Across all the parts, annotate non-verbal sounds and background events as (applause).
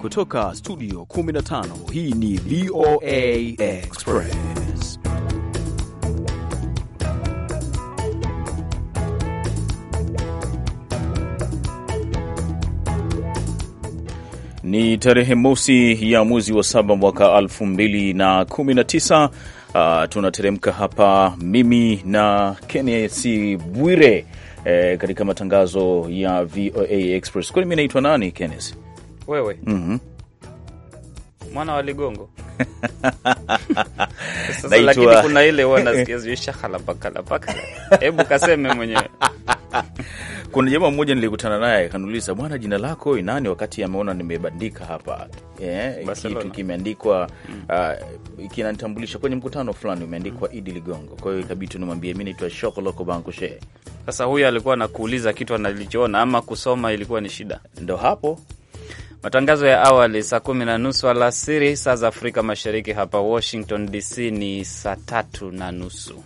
Kutoka studio 15 hii ni VOA Express. Ni tarehe mosi ya mwezi wa saba mwaka 2019. Uh, ah, tunateremka hapa mimi na Kennesi Bwire eh, katika matangazo ya VOA Express. Kwani mi naitwa nani Kennesi? wewe mm -hmm. mwana wa ligongo (laughs) Sasa lakini kuna ile huwa nasikia hebu kaseme mwenyewe. (laughs) Kuna jamaa mmoja nilikutana naye akaniuliza, bwana, jina lako inani? Wakati ameona nimebandika hapa yeah, kitu kimeandikwa uh, kinanitambulisha kwenye mkutano fulani umeandikwa Idi Ligongo. Kwa hiyo ikabidi tunimwambie mi naitwa Shokoloko Bankushe. Sasa huyu alikuwa anakuuliza kitu analichoona ama kusoma ilikuwa ni shida, ndo hapo Matangazo ya awali saa kumi na nusu alasiri saa za Afrika Mashariki. Hapa Washington DC ni saa tatu na nusu.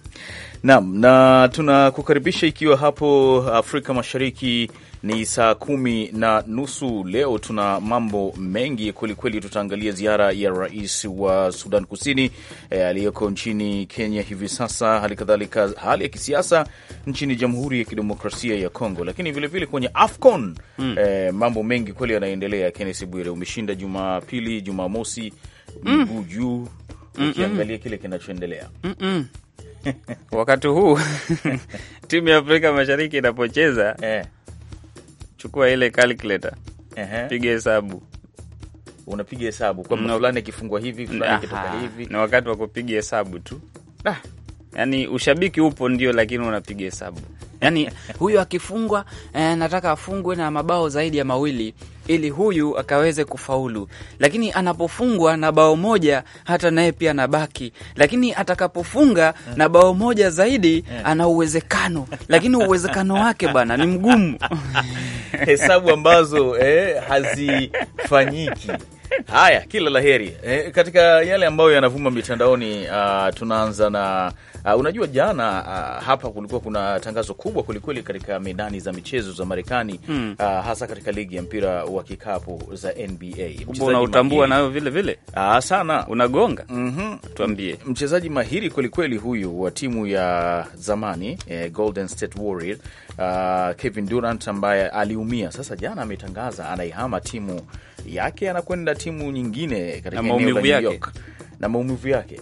Naam, na tunakukaribisha ikiwa hapo Afrika Mashariki ni saa kumi na nusu. Leo tuna mambo mengi kwelikweli. Tutaangalia ziara ya rais wa Sudan Kusini e, aliyeko nchini Kenya hivi sasa, hali kadhalika hali ya kisiasa nchini Jamhuri ya Kidemokrasia ya Kongo, lakini vilevile kwenye AFCON mm. e, mambo mengi kweli yanaendelea. Kennes Bwire, umeshinda Jumapili, Jumamosi hmm. miguu mm. juu ukiangalia kile kinachoendelea mm -mm. (laughs) wakati huu (laughs) timu ya Afrika Mashariki inapocheza yeah chukua ile calculator, piga hesabu. Unapiga hesabu kwamba fulani akifungwa hivi, fulani akitoka hivi, na wakati wa kupiga hesabu tu. Nah, yaani ushabiki upo ndio, lakini unapiga hesabu yani huyu akifungwa eh, nataka afungwe na mabao zaidi ya mawili ili huyu akaweze kufaulu, lakini anapofungwa na bao moja hata naye pia anabaki, lakini atakapofunga na bao moja zaidi ana uwezekano, lakini uwezekano wake bana ni mgumu (laughs) hesabu ambazo eh, hazifanyiki. Haya, kila laheri eh, katika yale ambayo yanavuma mitandaoni. Uh, tunaanza na Uh, unajua jana uh, hapa kulikuwa kuna tangazo kubwa kwelikweli katika medani za michezo za Marekani mm. uh, hasa katika ligi ya mpira wa kikapu za NBA. Unautambua nayo vile vile uh, sana unagonga mm -hmm. Tuambie mchezaji mahiri kwelikweli huyu wa timu ya zamani eh, Golden State Warrior uh, Kevin Durant ambaye aliumia, sasa jana ametangaza anaihama timu yake anakwenda timu nyingine katika eneo la New York na maumivu yake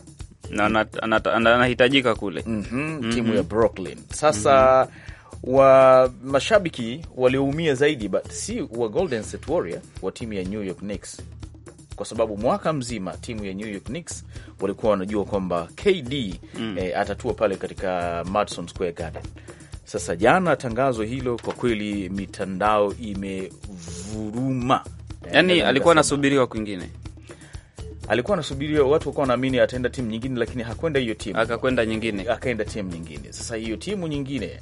na anahitajika kule mm -hmm, mm -hmm. timu ya Brooklyn sasa mm -hmm wa mashabiki walioumia zaidi but si wa Golden State Warrior, wa timu ya New York Knicks, kwa sababu mwaka mzima timu ya New York Knicks walikuwa wanajua kwamba KD mm. eh, atatua pale katika Madison Square Garden. Sasa jana tangazo hilo kwa kweli mitandao imevuruma, yani eh, alikuwa anasubiriwa kwingine alikuwa anasubiria watu wakuwa wanaamini ataenda timu nyingine, lakini hakwenda hiyo timu, akakwenda nyingine, akaenda timu nyingine. Sasa hiyo timu nyingine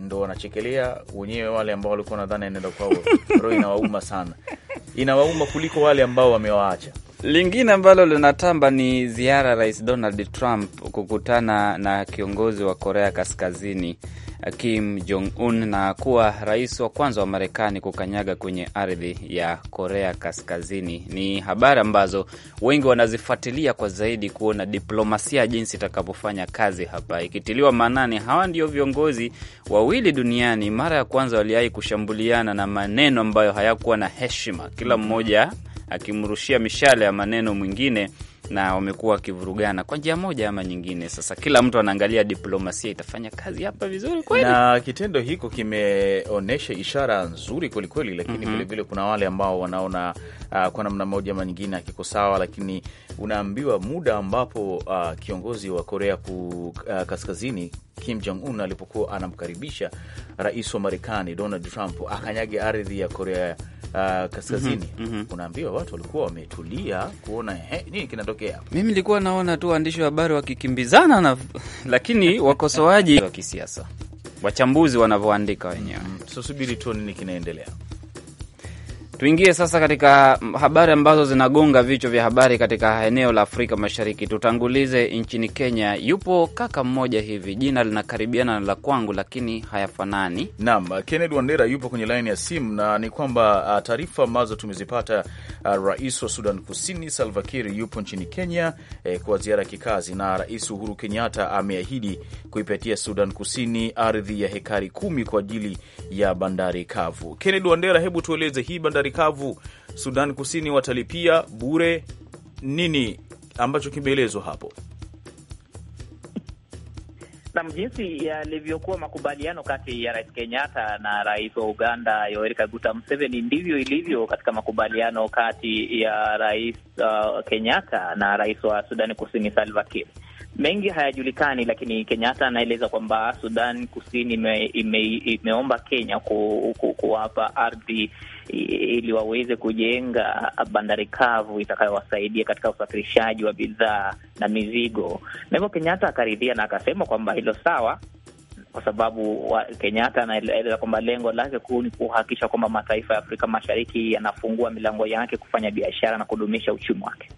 ndo wanachekelea wenyewe, wale ambao walikuwa nadhani anaenda kwao. (laughs) Roho inawauma sana, inawauma kuliko wale ambao wamewaacha. Lingine ambalo linatamba ni ziara ya Rais Donald Trump kukutana na kiongozi wa Korea Kaskazini Kim Jong Un na kuwa rais wa kwanza wa Marekani kukanyaga kwenye ardhi ya Korea Kaskazini. Ni habari ambazo wengi wanazifuatilia kwa zaidi, kuona diplomasia jinsi itakavyofanya kazi hapa, ikitiliwa maanani hawa ndio viongozi wawili duniani mara ya kwanza waliahi kushambuliana na maneno ambayo hayakuwa na heshima, kila mmoja akimrushia mishale ya maneno mwingine na wamekuwa wakivurugana kwa njia moja ama nyingine. Sasa kila mtu anaangalia diplomasia itafanya kazi hapa vizuri kweli, na kitendo hiko kimeonyesha ishara nzuri kwelikweli, lakini vilevile mhm. mm -hmm. vile kuna wale ambao wanaona uh, kwa namna moja ama nyingine akiko sawa, lakini unaambiwa muda ambapo uh, kiongozi wa Korea ku, uh, kaskazini Kim Jong Un alipokuwa anamkaribisha rais wa Marekani Donald Trump akanyage ardhi ya Korea Uh, kaskazini mm -hmm. Unaambiwa watu walikuwa wametulia kuona he, nini kinatokea. Mimi nilikuwa naona tu waandishi wa habari wakikimbizana na (laughs) lakini wakosoaji wa kisiasa, wachambuzi wanavyoandika wenyewe, tusubiri mm, tuo nini kinaendelea. Tuingie sasa katika habari ambazo zinagonga vichwa vya habari katika eneo la Afrika Mashariki. Tutangulize nchini Kenya. Yupo kaka mmoja hivi, jina linakaribiana na la kwangu lakini hayafanani. Naam, Kennedy Wandera yupo kwenye laini ya simu, na ni kwamba uh, taarifa ambazo tumezipata, uh, rais wa Sudan Kusini Salva Kiir yupo nchini Kenya eh, kwa ziara ya kikazi, na Rais Uhuru Kenyatta ameahidi kuipatia Sudan Kusini ardhi ya hekari kumi kwa ajili ya bandari kavu. Kennedy Wandera, hebu tueleze hii bandari bahari kavu Sudan Kusini watalipia bure. Nini ambacho kimeelezwa hapo? Nam, jinsi yalivyokuwa makubaliano kati ya Rais Kenyatta na Rais wa Uganda Yoweri Kaguta Museveni ndivyo ilivyo katika makubaliano kati ya Rais uh, Kenyatta na Rais wa Sudani Kusini Salva Kiir mengi hayajulikani, lakini Kenyatta anaeleza kwamba Sudan Kusini ime, ime, imeomba Kenya kuwapa ku, ku ardhi ili waweze kujenga bandari kavu itakayowasaidia katika usafirishaji wa bidhaa na mizigo, na hivyo Kenyatta akaridhia na akasema kwamba hilo sawa kwa sababu Kenyatta anaeleza kwamba lengo lake kuu ni kuhakikisha kwamba mataifa ya Afrika Mashariki yanafungua milango yake kufanya biashara na kudumisha uchumi wake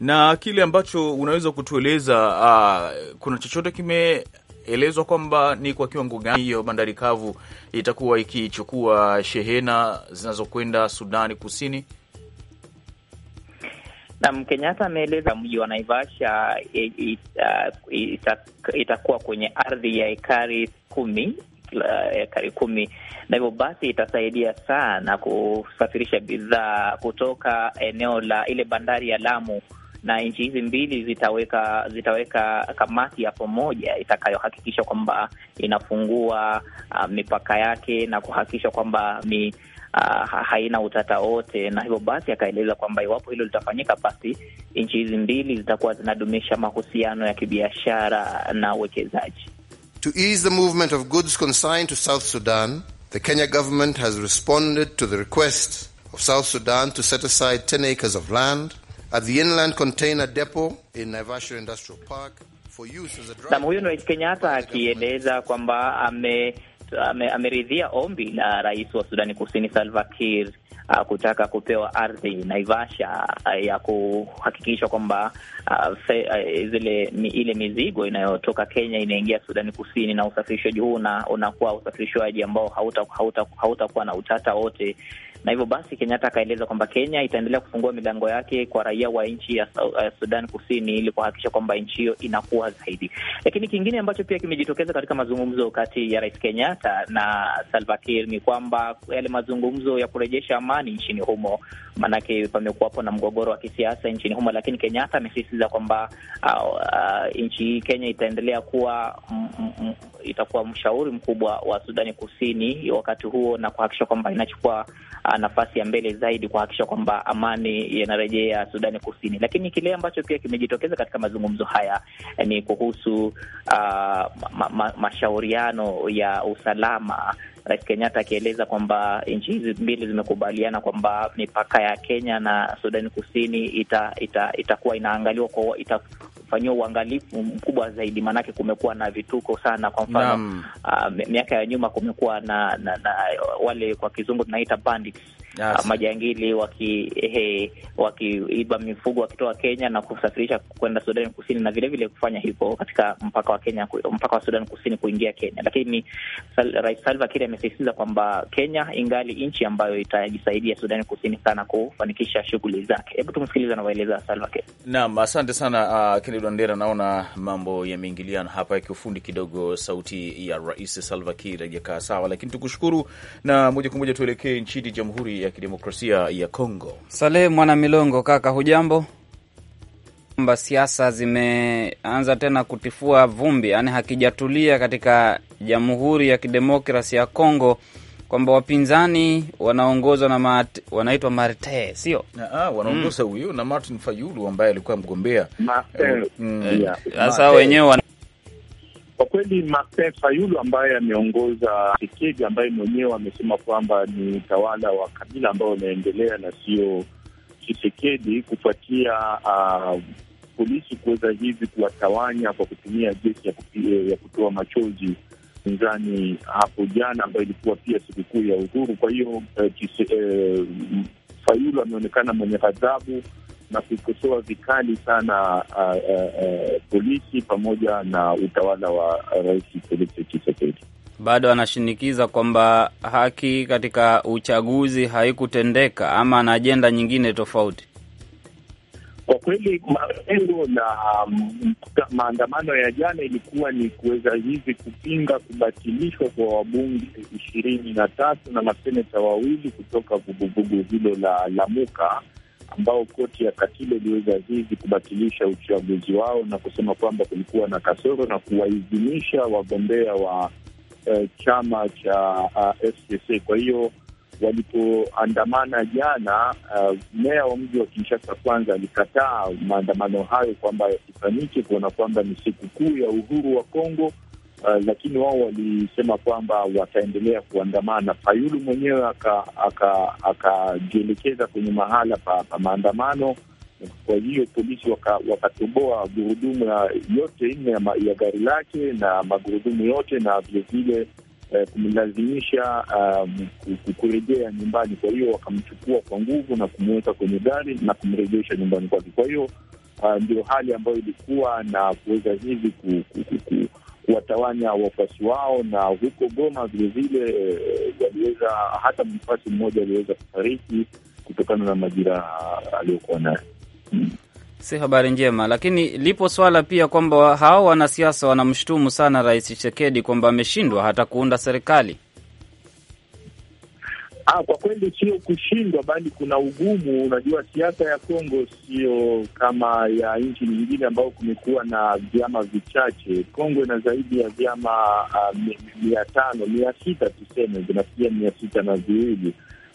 na kile ambacho unaweza kutueleza uh, kuna chochote kimeelezwa kwamba ni kwa kiwango gani hiyo bandari kavu itakuwa ikichukua shehena zinazokwenda Sudani Kusini? Nam Kenyatta ameeleza mji wa Naivasha eh, ah, itakuwa kwenye ardhi ya ekari kumi eh, ekari kumi na hivyo basi itasaidia sana kusafirisha bidhaa kutoka eneo la ile bandari ya Lamu na nchi hizi mbili zitaweka zitaweka kamati ya pamoja itakayohakikisha kwamba inafungua uh, mipaka yake na kuhakikisha kwamba mi Uh, haina utata wote, na hivyo basi akaeleza kwamba iwapo hilo litafanyika, basi nchi hizi mbili zitakuwa zinadumisha mahusiano ya kibiashara na uwekezaji. To ease the movement of goods consigned to South Sudan, the Kenya government has responded to the request of South Sudan to set aside 10 acres of land Nam huyu ni Rais Kenyatta akieleza kwamba ame ameridhia ombi la rais wa Sudani Kusini Salva Kiir uh, kutaka kupewa ardhi Naivasha uh, ya kuhakikisha kwamba uh, uh, zile mi, ile mizigo inayotoka Kenya inaingia Sudani Kusini, na usafirishaji huu unakuwa usafirishaji ambao hautakuwa hauta, hauta na utata wote na hivyo basi Kenyatta akaeleza kwamba Kenya itaendelea kufungua milango yake kwa raia wa nchi ya Sudan Kusini ili kuhakikisha kwamba nchi hiyo inakuwa zaidi. Lakini kingine ambacho pia kimejitokeza katika mazungumzo kati ya Rais Kenyatta na Salva Kiir ni kwamba yale mazungumzo ya kurejesha amani nchini humo, maanake pamekuwapo na mgogoro wa kisiasa nchini humo, lakini Kenyatta amesisitiza kwamba uh, uh, nchi hii Kenya itaendelea kuwa mm, mm, itakuwa mshauri mkubwa wa Sudani Kusini wakati huo na kuhakikisha kwamba inachukua Uh, nafasi ya mbele zaidi kuhakikisha kwamba amani yanarejea Sudani Kusini. Lakini kile ambacho pia kimejitokeza katika mazungumzo haya eh, ni kuhusu uh, ma ma mashauriano ya usalama Rais Kenyatta akieleza kwamba nchi hizi mbili zimekubaliana kwamba mipaka ya Kenya na Sudani Kusini itakuwa ita, ita inaangaliwa kwa ita, kufanyiwa uangalifu mkubwa zaidi, maanake kumekuwa na vituko sana. Kwa mfano uh, miaka ya nyuma kumekuwa na, na, na wale kwa kizungu tunaita bandits yes. Ah, majangili wakiiba waki, mifugo wakitoka Kenya na kusafirisha kwenda Sudani Kusini na vilevile vile kufanya hivyo katika mpaka wa Kenya, mpaka wa Sudani Kusini kuingia Kenya. Lakini sal, Rais Salva Kiir amesisitiza kwamba Kenya ingali nchi ambayo itajisaidia Sudani Kusini sana kufanikisha shughuli zake. Hebu tumsikiliza anavyoeleza Salva Kiir. Naam, asante sana uh, Kennedy Wandera. Naona mambo yameingiliana hapa ya kiufundi kidogo, sauti ya Rais Salva Kiir haijakaa sawa, lakini tukushukuru na moja kwa moja tuelekee nchini Jamhuri ya kidemokrasia ya Congo. Saleh Mwana Milongo, kaka hujambo? Kwamba siasa zimeanza tena kutifua vumbi, yaani hakijatulia katika Jamhuri ya Kidemokrasi ya congo kwamba wapinzani wanaongozwa na mat, wanaitwa Marte sio ah, wanaongoza mm. huyu mm, na Martin Fayulu ambaye alikuwa mgombea mm. sasa, wenyewe kwa kweli Mapefa fayulu ambaye ameongoza Tshisekedi, ambaye mwenyewe amesema kwamba ni utawala wa kabila ambao unaendelea na sio Tshisekedi, kufuatia uh, polisi kuweza hivi kuwatawanya kwa kutumia gesi ya, ya kutoa machozi pinzani hapo jana, ambayo ilikuwa pia sikukuu ya uhuru. Kwa hiyo uh, Fayulu ameonekana mwenye ghadhabu na kuikosoa vikali sana uh, uh, polisi pamoja na utawala wa Rais Felix Tshisekedi. Bado anashinikiza kwamba haki katika uchaguzi haikutendeka ama ana ajenda nyingine tofauti. Kwa kweli lengo la um, maandamano ya jana ilikuwa ni kuweza hivi kupinga kubatilishwa kwa wabunge ishirini na tatu na maseneta wawili kutoka vuguvugu hilo la Lamuka ambao koti ya katiba iliweza hivi kubatilisha uchaguzi wao na kusema kwamba kulikuwa na kasoro na kuwaidhinisha wagombea wa eh, chama cha uh, eh, FCC. Kwa hiyo walipoandamana jana, uh, meya wa mji wa Kinshasa kwanza alikataa maandamano hayo kwamba ifanyike kuona kwamba ni sikukuu ya uhuru wa Kongo uh, lakini wao walisema kwamba wataendelea kuandamana. Fayulu mwenyewe akajielekeza kwenye mahala pa, pa maandamano. Kwa hiyo polisi wakatoboa waka gurudumu yote nne ya, ya gari lake na magurudumu yote na vilevile eh, kumlazimisha um, kurejea nyumbani. Kwa hiyo wakamchukua kwa nguvu na kumweka kwenye gari na kumrejesha nyumbani kwake. Kwa hiyo uh, ndio hali ambayo ilikuwa na kuweza hivi kuwatawanya wafuasi wao, na huko Goma vilevile eh, waliweza, hata mfuasi mmoja aliweza kufariki kutokana na majira aliyokuwa nayo. Hmm. Si habari njema, lakini lipo swala pia kwamba hao wanasiasa wanamshutumu sana Rais chisekedi kwamba ameshindwa hata kuunda serikali. Ah, kwa kweli sio kushindwa, bali kuna ugumu. Unajua, siasa ya Kongo sio kama ya nchi nyingine ambayo kumekuwa na vyama vichache. Kongo ina zaidi ya vyama uh, mia tano mia sita tuseme, vinafikia mia sita na viwili.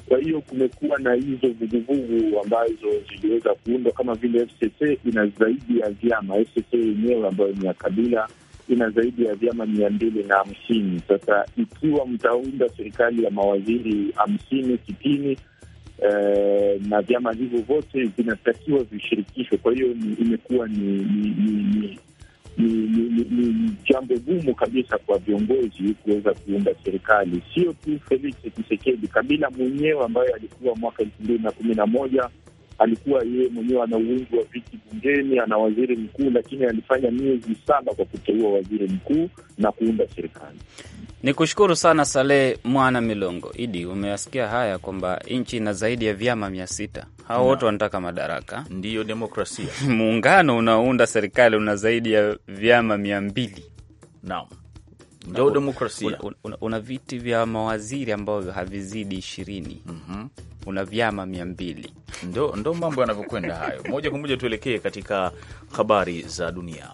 Kwa hiyo kumekuwa na hizo vuguvugu ambazo ziliweza kuundwa kama vile FCC ina zaidi ya vyama. FCC yenyewe ambayo ni ya kabila ina zaidi ya vyama mia mbili na hamsini. Sasa ikiwa mtaunda serikali ya mawaziri hamsini sitini eh, na vyama hivyo vyote vinatakiwa vishirikishwe. Kwa hiyo imekuwa ni, ni, ni, ni ni, ni, ni, ni jambo gumu kabisa kwa viongozi kuweza kuunda serikali, sio tu Felix Tshisekedi, Kabila mwenyewe ambaye alikuwa mwaka elfu mbili na kumi na moja alikuwa yeye mwenyewe ana uwingi wa viti bungeni, ana waziri mkuu, lakini alifanya miezi saba kwa kuteua waziri mkuu na kuunda serikali. Ni kushukuru sana Saleh Mwana Milongo Idi. umeasikia haya kwamba nchi ina zaidi ya vyama mia sita. Hao wote wanataka madaraka, ndiyo demokrasia. (laughs) Muungano unaounda serikali una zaidi ya vyama mia mbili. Naam ndio demokrasia. Una, una, una, una viti vya mawaziri ambavyo havizidi ishirini. mm -hmm. Una vyama mia mbili. Ndo, ndo mambo yanavyokwenda hayo. Moja kwa moja tuelekee katika habari za dunia.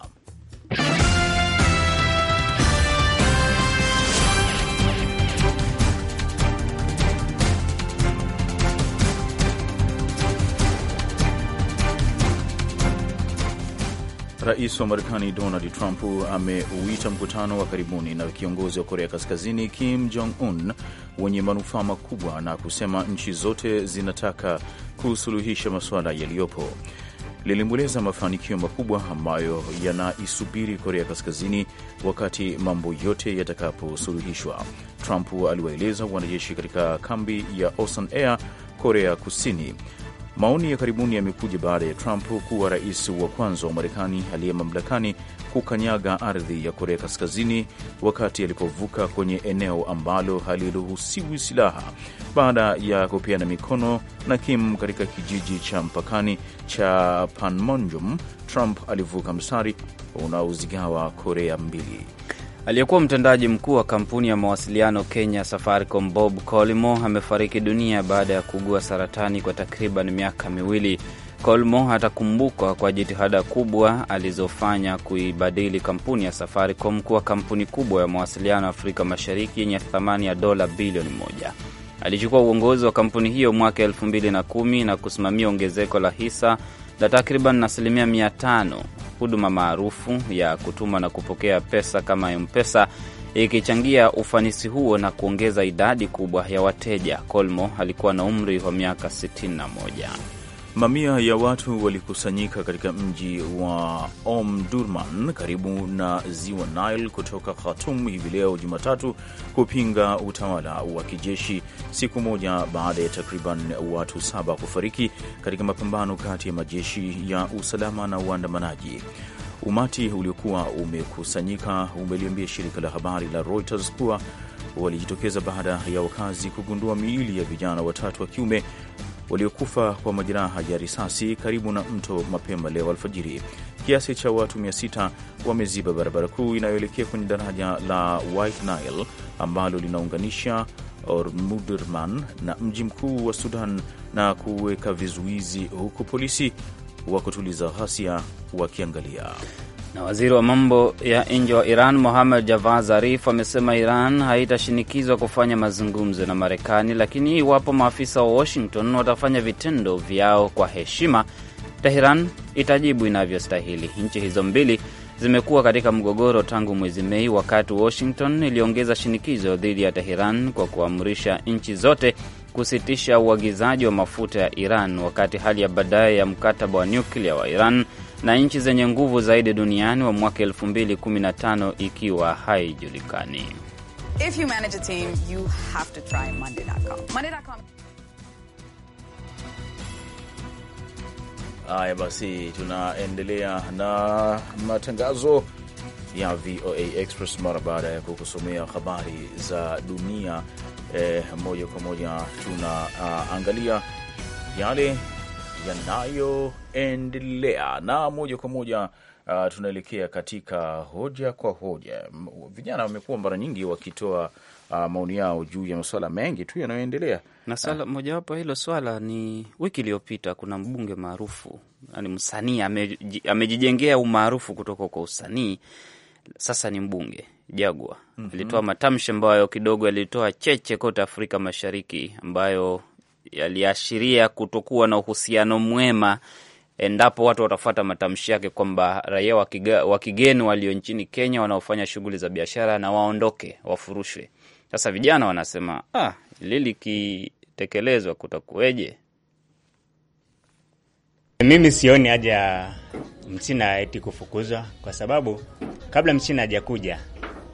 Rais wa Marekani Donald Trump ameuita mkutano wa karibuni na kiongozi wa Korea Kaskazini Kim Jong Un wenye manufaa makubwa na kusema nchi zote zinataka kusuluhisha masuala yaliyopo. Lilimweleza mafanikio makubwa ambayo yanaisubiri Korea Kaskazini wakati mambo yote yatakaposuluhishwa. Trump aliwaeleza wanajeshi katika kambi ya Osan Air, Korea Kusini Maoni ya karibuni yamekuja baada ya Trump kuwa rais wa kwanza wa Marekani aliye mamlakani kukanyaga ardhi ya Korea Kaskazini wakati alipovuka kwenye eneo ambalo haliruhusiwi silaha baada ya kupeana mikono na Kim katika kijiji cha mpakani cha Panmunjom. Trump alivuka mstari unaozigawa Korea mbili. Aliyekuwa mtendaji mkuu wa kampuni ya mawasiliano Kenya Safaricom, Bob Colimo amefariki dunia baada ya kuugua saratani kwa takriban miaka miwili. Colmo atakumbukwa kwa jitihada kubwa alizofanya kuibadili kampuni ya Safaricom kuwa kampuni kubwa ya mawasiliano Afrika Mashariki yenye thamani ya dola bilioni moja. Alichukua uongozi wa kampuni hiyo mwaka 21 na kusimamia ongezeko la hisa na takriban asilimia mia tano huduma maarufu ya kutuma na kupokea pesa kama mpesa ikichangia ufanisi huo na kuongeza idadi kubwa ya wateja. Kolmo alikuwa na umri wa miaka 61. Mamia ya watu walikusanyika katika mji wa Omdurman karibu na ziwa Nile kutoka Khartoum hivi leo Jumatatu kupinga utawala wa kijeshi siku moja baada ya takriban watu saba kufariki katika mapambano kati ya majeshi ya usalama na waandamanaji. Umati uliokuwa umekusanyika umeliambia shirika la habari la Reuters kuwa walijitokeza baada ya wakazi kugundua miili ya vijana watatu wa kiume waliokufa kwa majeraha ya risasi karibu na mto mapema leo alfajiri. Kiasi cha watu 600 wameziba barabara kuu inayoelekea kwenye daraja la White Nile ambalo linaunganisha Omdurman na mji mkuu wa Sudan na kuweka vizuizi, huku polisi wa kutuliza ghasia wakiangalia. Na waziri wa mambo ya nje wa Iran mohamed Javad Zarif amesema Iran haitashinikizwa kufanya mazungumzo na Marekani, lakini iwapo maafisa wa Washington watafanya vitendo vyao kwa heshima, Teheran itajibu inavyostahili. Nchi hizo mbili zimekuwa katika mgogoro tangu mwezi Mei, wakati Washington iliongeza shinikizo dhidi ya Teheran kwa kuamrisha nchi zote kusitisha uagizaji wa mafuta ya Iran, wakati hali ya baadaye ya mkataba wa nyuklia wa Iran na nchi zenye nguvu zaidi duniani wa mwaka 2015 ikiwa haijulikani. Haya basi, tunaendelea na matangazo ya VOA Express mara baada ya kukusomea habari za dunia. Eh, moja kwa moja tunaangalia uh, yale yanayoendelea na moja kwa moja uh, tunaelekea katika hoja kwa hoja. Vijana wamekuwa mara nyingi wakitoa uh, maoni yao juu ya masuala mengi tu yanayoendelea na swala mojawapo hilo swala ni wiki iliyopita, kuna mbunge maarufu, yani msanii amejijengea umaarufu kutoka kwa usanii, sasa ni mbunge Jagwa mhm. alitoa mm -hmm. matamshi ambayo kidogo yalitoa cheche kote Afrika Mashariki, ambayo yaliashiria kutokuwa na uhusiano mwema endapo watu watafuata matamshi yake kwamba raia wa kigeni walio nchini Kenya wanaofanya shughuli za biashara na waondoke, wafurushwe. Sasa vijana wanasema ah, hili likitekelezwa kutakuweje? Mimi sioni haja mchina eti kufukuzwa, kwa sababu kabla mchina hajakuja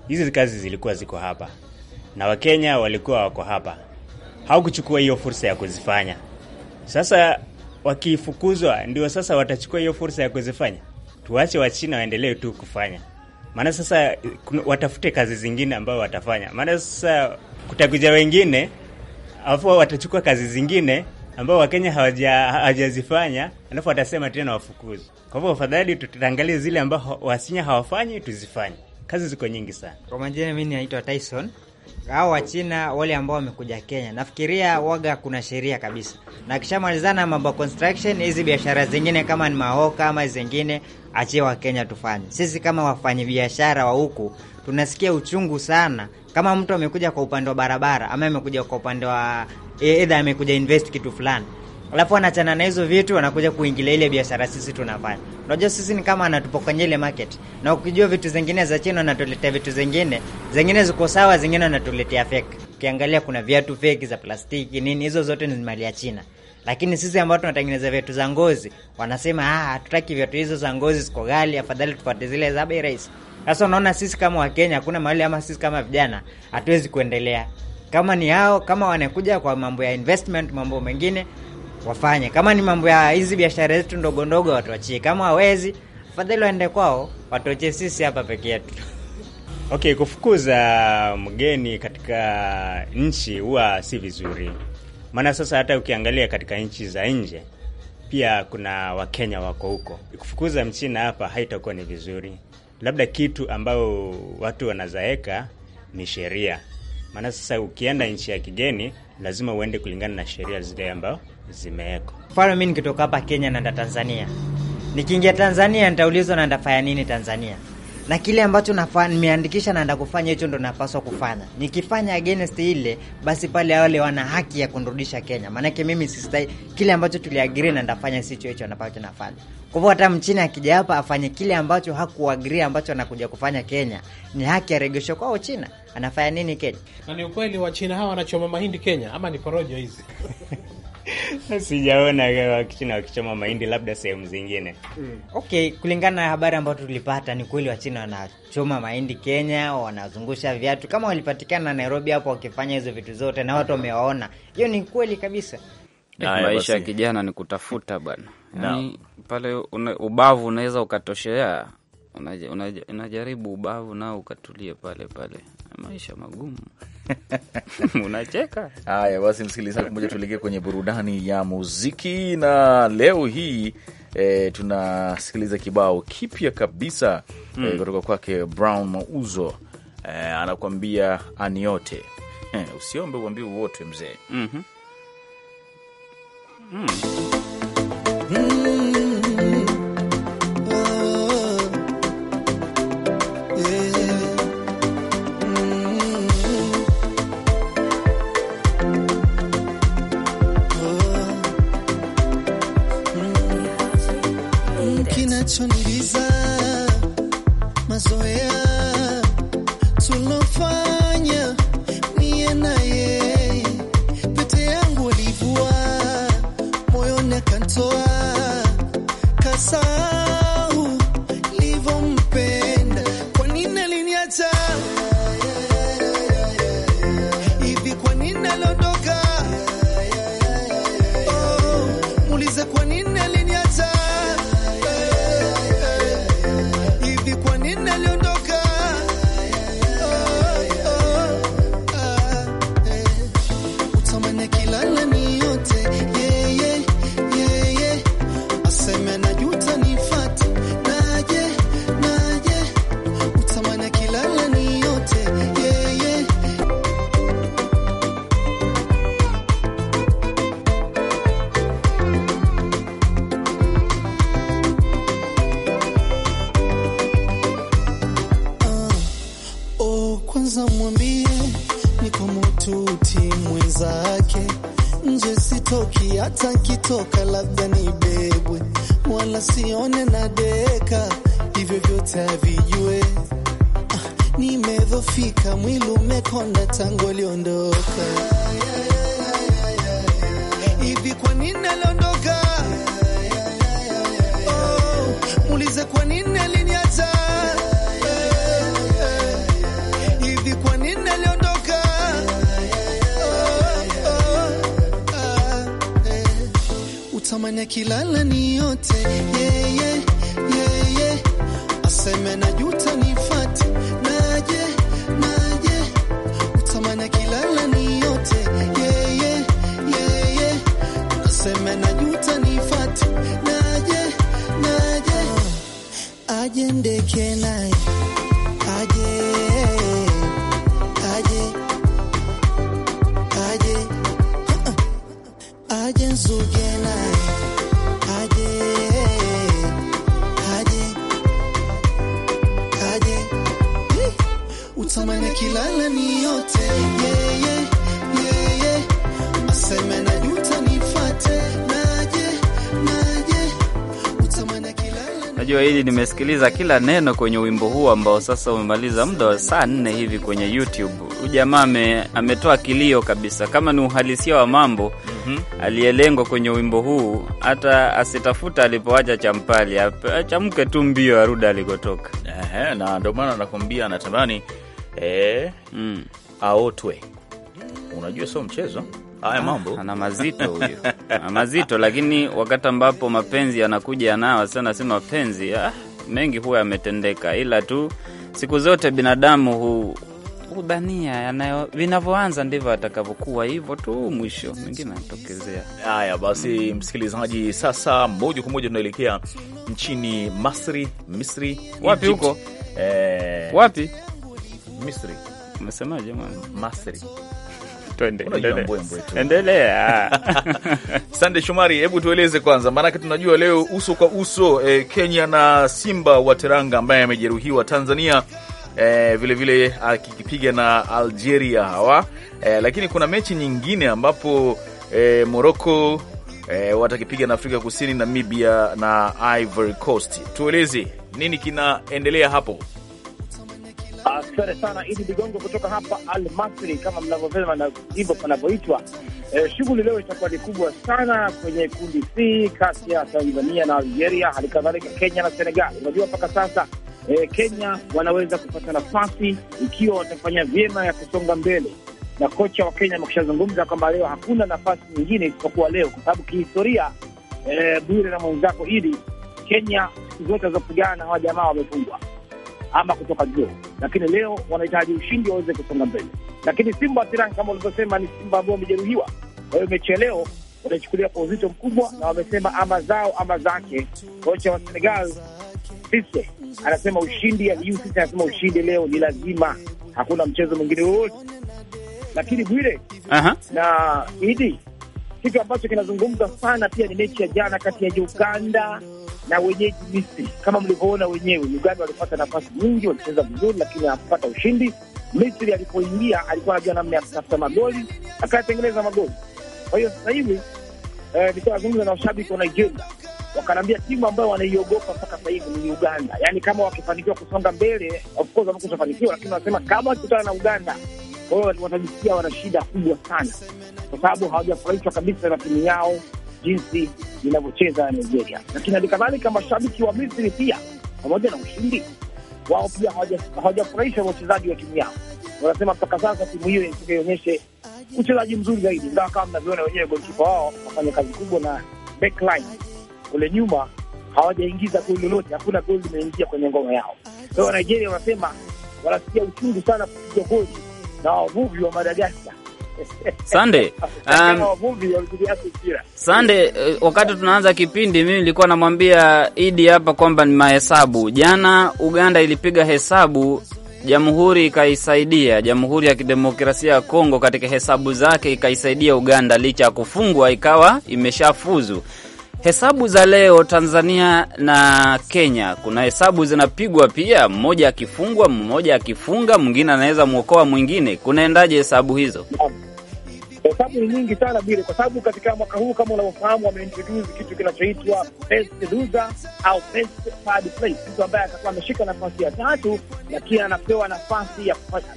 hizi kazi zilikuwa ziko hapa na Wakenya walikuwa wako hapa haukuchukua hiyo fursa ya kuzifanya. Sasa wakifukuzwa, ndio sasa watachukua hiyo fursa ya kuzifanya. Tuwache Wachina waendelee tu kufanya, maana sasa watafute kazi zingine ambayo watafanya, maana sasa kutakuja wengine alafu watachukua kazi zingine ambao Wakenya hawajazifanya, hawaja, alafu watasema tena wafukuzi. Kwa hivyo afadhali tutaangalia zile ambao wasinya hawafanyi tuzifanye. Kazi ziko nyingi sana. Kwa majina, mimi naitwa Tyson au Wachina wale ambao wamekuja Kenya, nafikiria waga kuna sheria kabisa, na kishamalizana mambo construction, hizi biashara zingine kama ni mahoka ama zingine, achie Wakenya tufanye sisi. Kama wafanyi biashara wa huku tunasikia uchungu sana, kama mtu amekuja kwa upande wa barabara ama amekuja kwa upande wa edha, amekuja invest kitu fulani alafu anachana na hizo vitu, anakuja kuingilia ile biashara sisi tunafanya. Unajua sisi ni kama anatupokonyea ile market, na ukijua vitu zingine za China anatuletea vitu zingine zingine ziko sawa, zingine anatuletea fake. Ukiangalia kuna viatu fake za plastiki nini, hizo zote ni mali ya China, lakini sisi ambao tunatengeneza viatu za ngozi wanasema ah, hatutaki viatu hizo za ngozi, ziko ghali, afadhali tupate zile za bei rahisi. Sasa unaona sisi kama Wakenya hakuna mahali ama sisi kama vijana hatuwezi kuendelea kama ni hao, kama wanakuja kwa mambo ya investment, mambo mengine wafanye. Kama ni mambo ya hizi biashara zetu ndogo ndogo, watuachie. Kama hawezi, fadhali waende kwao, watuachie sisi hapa peke yetu. Okay, kufukuza mgeni katika nchi huwa si vizuri, maana sasa hata ukiangalia katika nchi za nje pia kuna Wakenya wako huko. Kufukuza mchina hapa haitakuwa ni vizuri. Labda kitu ambayo watu wanazaeka ni sheria, maana sasa ukienda nchi ya kigeni lazima uende kulingana na sheria zile ambayo zimewekwa. Mfano, mimi nikitoka hapa Kenya naenda Tanzania, nikiingia Tanzania nitaulizwa naenda fanya nini Tanzania, na kile ambacho nafanya nimeandikisha naenda kufanya hicho ndo napaswa kufanya. Nikifanya against ile, basi pale wale wana haki ya kunirudisha Kenya, maanake mimi sista kile ambacho tuliagree na ndafanya sicho hicho ambacho nafanya. Kwa hivyo hata mchina akija hapa afanye kile ambacho hakuagree ambacho anakuja kufanya Kenya, ni haki aregesho kwao China. Anafanya nini Kenya? Na ni ukweli wa China hawa wanachoma mahindi Kenya ama ni porojo hizi? (laughs) (laughs) sijaona Wachina wakichoma mahindi, labda sehemu zingine mm. Okay, kulingana na habari ambayo tulipata ni kweli Wachina wanachoma mahindi Kenya, wanazungusha viatu kama walipatikana Nairobi hapo wakifanya hizo vitu zote na watu wamewaona, hiyo ni kweli kabisa. maisha ya kijana ni kutafuta bwana, yaani pale una, ubavu unaweza ukatoshea, unajaribu ubavu nao ukatulie pale pale, maisha magumu (laughs) Unacheka. Haya basi, msikilizaji mmoja, tuelekee kwenye burudani ya muziki na leo hii E, tunasikiliza kibao kipya kabisa mm, e, kutoka kwake Brown Mauzo e, anakuambia aniote e, usiombe uambie uwote mzee. mm -hmm. mm. kama kilala ni yote yeah, yeah, yeah, yeah. Aseme na juta nifate naje naje utamana kilala ni yote yeah, yeah, yeah, yeah. Aseme na juta nifate naje naje ajendeke naye Unajua hili nimesikiliza kila neno kwenye wimbo huu ambao sasa umemaliza muda wa saa nne hivi kwenye YouTube. Ujamaa ametoa kilio kabisa, kama ni uhalisia wa mambo mm -hmm. Aliyelengwa kwenye wimbo huu, hata asitafuta alipoacha champali, achamke tu mbio arudi alikotoka. Ehe, na ndio maana anakwambia anatamani e, eh, mm. aotwe. Unajua sio mchezo Haya ah, mambo ana mazito huyo, ana mazito lakini, wakati ambapo mapenzi yanakuja yanao, sasa nasema mapenzi ah, mengi huwa yametendeka, ila tu siku zote binadamu hu yanayo vinavyoanza ndivyo atakavyokuwa, hivyo tu, mwisho mwingine anatokezea. Haya basi, mm. msikilizaji, sasa moja kwa moja tunaelekea nchini Masri, Misri. Wapi huko? Eh, wapi? Misri umesemaje? Masri endelea. (laughs) (laughs) Sande Shomari, hebu tueleze kwanza, maanake tunajua leo uso kwa uso eh, Kenya na Simba wa Teranga ambaye amejeruhiwa Tanzania vilevile eh, akikipiga na Algeria hawa eh, lakini kuna mechi nyingine ambapo eh, Morocco e, watakipiga na Afrika Kusini, Namibia na Ivory Coast. Tueleze nini kinaendelea hapo? Asante sana Idi Ligongo kutoka hapa Almasri, kama mnavyosema na hivyo panavyoitwa. E, shughuli leo itakuwa ni kubwa sana kwenye kundi C kati ya Tanzania na Algeria, hali kadhalika Kenya na Senegal. Unajua mpaka sasa e, Kenya wanaweza kupata nafasi ikiwa watafanya vyema ya kusonga mbele, na kocha wa Kenya amekushazungumza kwamba leo hakuna nafasi nyingine isipokuwa leo, kwa sababu kihistoria e, eh, Bwire na mwenzako Idi, Kenya siku zote wazopigana na hawa jamaa wamefungwa ama kutoka juu, lakini leo wanahitaji ushindi waweze kusonga mbele. Lakini Simba Tiran, kama ulivyosema, ni Simba ambao wamejeruhiwa, kwa hiyo mechi ya leo wanaichukulia kwa uzito mkubwa, na wamesema ama zao ama zake. Kocha wa Senegal Sise anasema ushindi, Aliou anasema ushindi leo ni lazima, hakuna mchezo mwingine wowote. Lakini Bwire na Idi, kitu ambacho kinazungumza sana pia ni mechi ya jana kati ya Uganda na wenyeji Misri. Kama mlivyoona wenyewe, Uganda walipata nafasi nyingi, walicheza vizuri, lakini hawakupata ushindi. Misri alipoingia alikuwa anajua namna ya kutafuta magoli, akayatengeneza magoli. Kwa hiyo sasa hivi eh, nikazungumza na washabiki wa Nigeria wakanaambia timu ambayo wanaiogopa mpaka sasa hivi ni Uganda. Yaani, kama wakifanikiwa kusonga mbele, of course wamekutafanikiwa, lakini wanasema kama wakikutana na Uganda, kwa hiyo watajisikia wana shida kubwa sana, kwa sababu hawajafurahishwa kabisa na timu yao jinsi inavyocheza Nigeria. Lakini hali kadhalika mashabiki wa Misri pia, pamoja na ushindi wao, pia hawajafurahisha wachezaji wa timu yao. Wanasema mpaka sasa timu hiyo inataka ionyeshe uchezaji mzuri zaidi, ingawa kama mnavyoona wenyewe golkipa wao wafanya kazi kubwa na backline kule nyuma hawajaingiza goli lolote, hakuna goli limeingia kwenye ngoma yao. Kwa hiyo Wanigeria wanasema wanasikia uchungu sana kupiga goli na wavuvi wa Madagaskar Sande, um, Sande, uh, wakati tunaanza kipindi mimi nilikuwa namwambia Idi hapa kwamba ni mahesabu. Jana Uganda ilipiga hesabu, Jamhuri ikaisaidia Jamhuri ya Kidemokrasia ya Kongo katika hesabu zake, ikaisaidia Uganda licha ya kufungwa, ikawa imeshafuzu. Hesabu za leo Tanzania na Kenya, kuna hesabu zinapigwa pia, mmoja akifungwa, mmoja akifunga, mwingine anaweza mwokoa mwingine. Kunaendaje hesabu hizo? sababu ni nyingi sana bile, kwa sababu katika mwaka huu kama unavyofahamu, wameintroduce kitu kinachoitwa best loser au best third place, mtu ambaye atakuwa ameshika nafasi ya tatu, lakini anapewa nafasi ya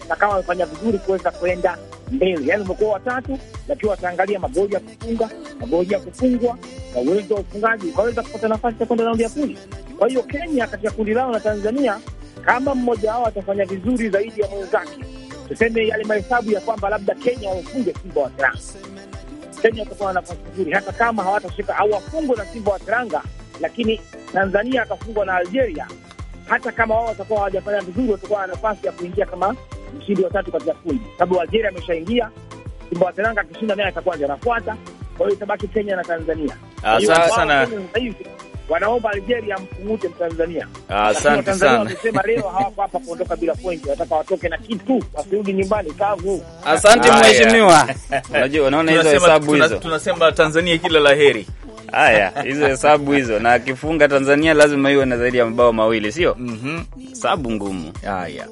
na kama amefanya vizuri kuweza kwenda mbele, yani umekuwa watatu, lakini wataangalia magoli ya kufunga, magoli ya kufungwa na uwezo wa ufungaji, ukaweza kupata nafasi ya kwenda raundi ya pili. Kwa hiyo Kenya katika kundi lao na Tanzania, kama mmoja wao atafanya vizuri zaidi ya mwenzake tuseme yale mahesabu ya kwamba labda Kenya wafunge Simba wa Teranga. Kenya watakuwa na nafasi nzuri, hata kama hawatashika au wafungwe na Simba wa Teranga, lakini Tanzania akafungwa na Algeria, hata kama wao watakuwa hawajafanya vizuri, watakuwa na nafasi ya kuingia kama mshindi wa tatu katika kundi, sababu Algeria ameshaingia. Simba wa Teranga akishinda naye atakuwa anafuata, kwa hiyo itabaki Kenya na Tanzania. Asante sana wanaomba Algeria ampunguze Mtanzania. Ah, asante sana. Wamesema leo (laughs) hawako hapa kuondoka bila pointi, wanataka watoke na kitu, wasirudi nyumbani kavu. Asante mheshimiwa. (laughs) Unajua, unaona hizo hesabu hizo, tunasema Tanzania kila laheri. Haya, hizo hesabu hizo, na akifunga Tanzania lazima iwe na zaidi ya mabao mawili, sio? Mhm, hesabu ngumu. Haya.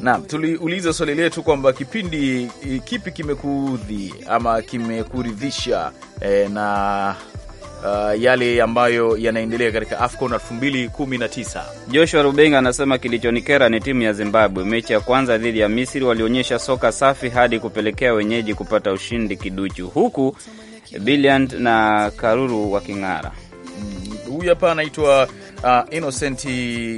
Naam, tuliuliza swali letu kwamba kipindi eh, kipi kimekuudhi ama kimekuridhisha, e, na uh, yale ambayo yanaendelea katika AFCON 2019. Joshua Rubenga anasema kilichonikera ni timu ya Zimbabwe. Mechi ya kwanza dhidi ya Misri walionyesha soka safi hadi kupelekea wenyeji kupata ushindi kiduchu, huku Brilliant na Karuru waking'ara. Mm, huyu hapa anaitwa uh, Innocent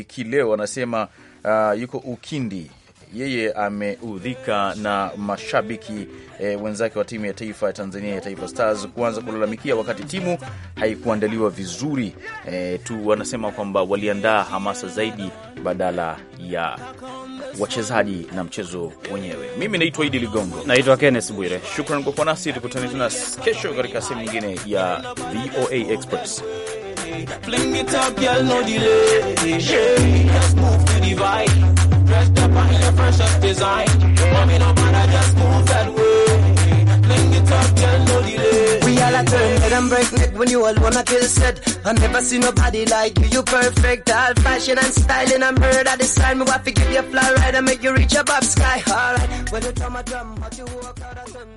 Kileo anasema uh, yuko Ukindi yeye ameudhika na mashabiki e, wenzake wa timu ya taifa ya Tanzania ya Taifa Stars kuanza kulalamikia wakati timu haikuandaliwa vizuri e, tu wanasema kwamba waliandaa hamasa zaidi badala ya wachezaji na mchezo wenyewe. Mimi naitwa Idi Ligongo, naitwa Kenneth Bwire. Shukran kwa kuwa nasi, tukutane tena kesho katika sehemu nyingine ya VOA Express. it up, girl, no delay. Yeah, move to dressed up in the freshest design. Mommy, no just move way. it up, no delay. We all are turn head and break neck when you all wanna kill set. I never see nobody like you, you perfect. All fashion and styling and murder design. Me want to give you a fly ride and make you reach above sky. Alright, when you drum a drum, how you walk out of turn.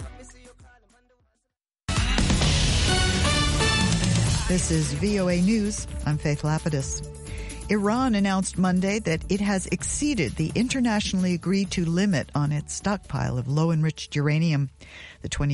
This is VOA News. I'm Faith Lapidus. Iran announced Monday that it has exceeded the internationally agreed to limit on its stockpile of low enriched uranium. The 20